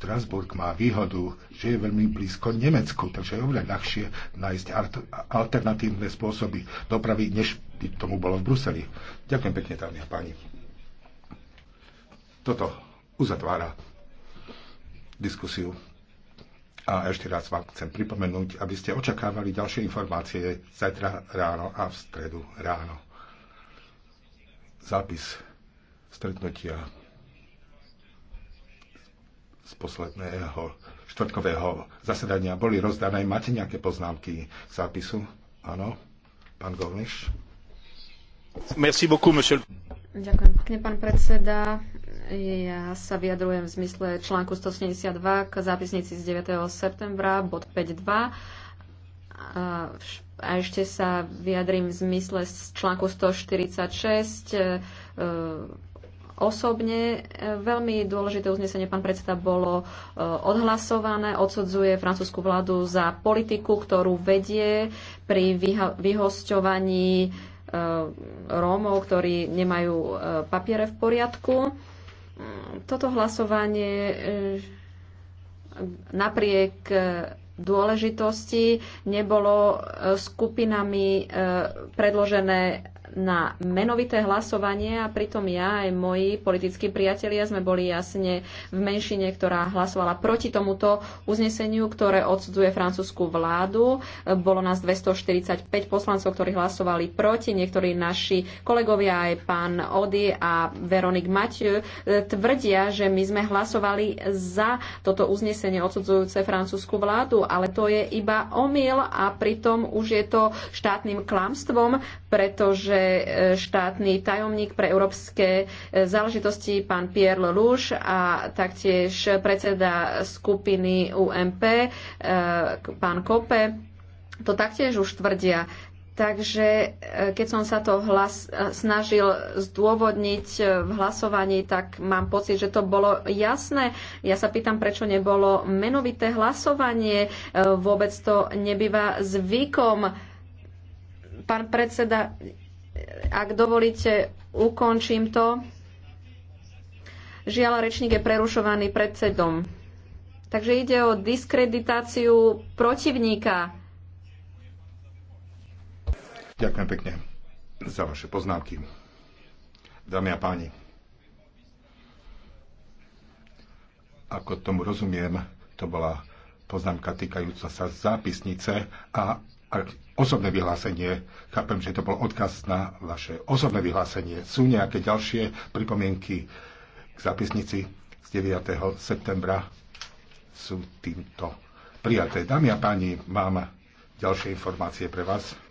Štrasburg má výhodu, že je veľmi blízko Nemecku, takže je oveľa ľahšie nájsť alternatívne spôsoby dopravy, než by tomu bolo v Bruseli. Ďakujem pekne, dámy a páni. Toto uzatvára diskusiu. A ešte raz vám chcem pripomenúť, aby ste očakávali ďalšie informácie zajtra ráno a v stredu ráno. Zápis stretnutia z posledného štvrtkového zasedania boli rozdané. Máte nejaké poznámky k zápisu? Áno, pán Golniš. Merci beaucoup, monsieur. Ďakujem pekne, pán predseda. Ja sa vyjadrujem v zmysle článku 172 k zápisnici z 9. septembra, bod 5.2. A ešte sa vyjadrím v zmysle z článku 146 osobne. E, veľmi dôležité uznesenie, pán predseda, bolo e, odhlasované. Odsudzuje francúzsku vládu za politiku, ktorú vedie pri vyhosťovaní e, Rómov, ktorí nemajú papiere v poriadku. Mm, toto hlasovanie napriek dôležitosti nebolo skupinami predložené na menovité hlasovanie a pritom ja aj moji politickí priatelia sme boli jasne v menšine, ktorá hlasovala proti tomuto uzneseniu, ktoré odsudzuje francúzskú vládu. Bolo nás 245 poslancov, ktorí hlasovali proti. Niektorí naši kolegovia, aj pán Ody a Veronik Mathieu, tvrdia, že my sme hlasovali za toto uznesenie odsudzujúce francúzskú vládu, ale to je iba omyl a pritom už je to štátnym klamstvom, pretože pre e, štátny tajomník pre európske e, záležitosti pán Pierre Lelouch a taktiež predseda skupiny UMP e, pán Kope to taktiež už tvrdia. Takže keď som sa to hlas, snažil zdôvodniť v hlasovaní, tak mám pocit, že to bolo jasné. Ja sa pýtam, prečo nebolo menovité hlasovanie. Vôbec to nebýva zvykom. Pán predseda, ak dovolíte, ukončím to. Žiaľ, rečník je prerušovaný predsedom. Takže ide o diskreditáciu protivníka. Ďakujem pekne za vaše poznámky. Dámy a páni, ako tomu rozumiem, to bola poznámka týkajúca sa zápisnice a osobné vyhlásenie. Chápem, že to bol odkaz na vaše osobné vyhlásenie. Sú nejaké ďalšie pripomienky k zápisnici z 9. septembra? Sú týmto prijaté. Dámy a páni, mám ďalšie informácie pre vás.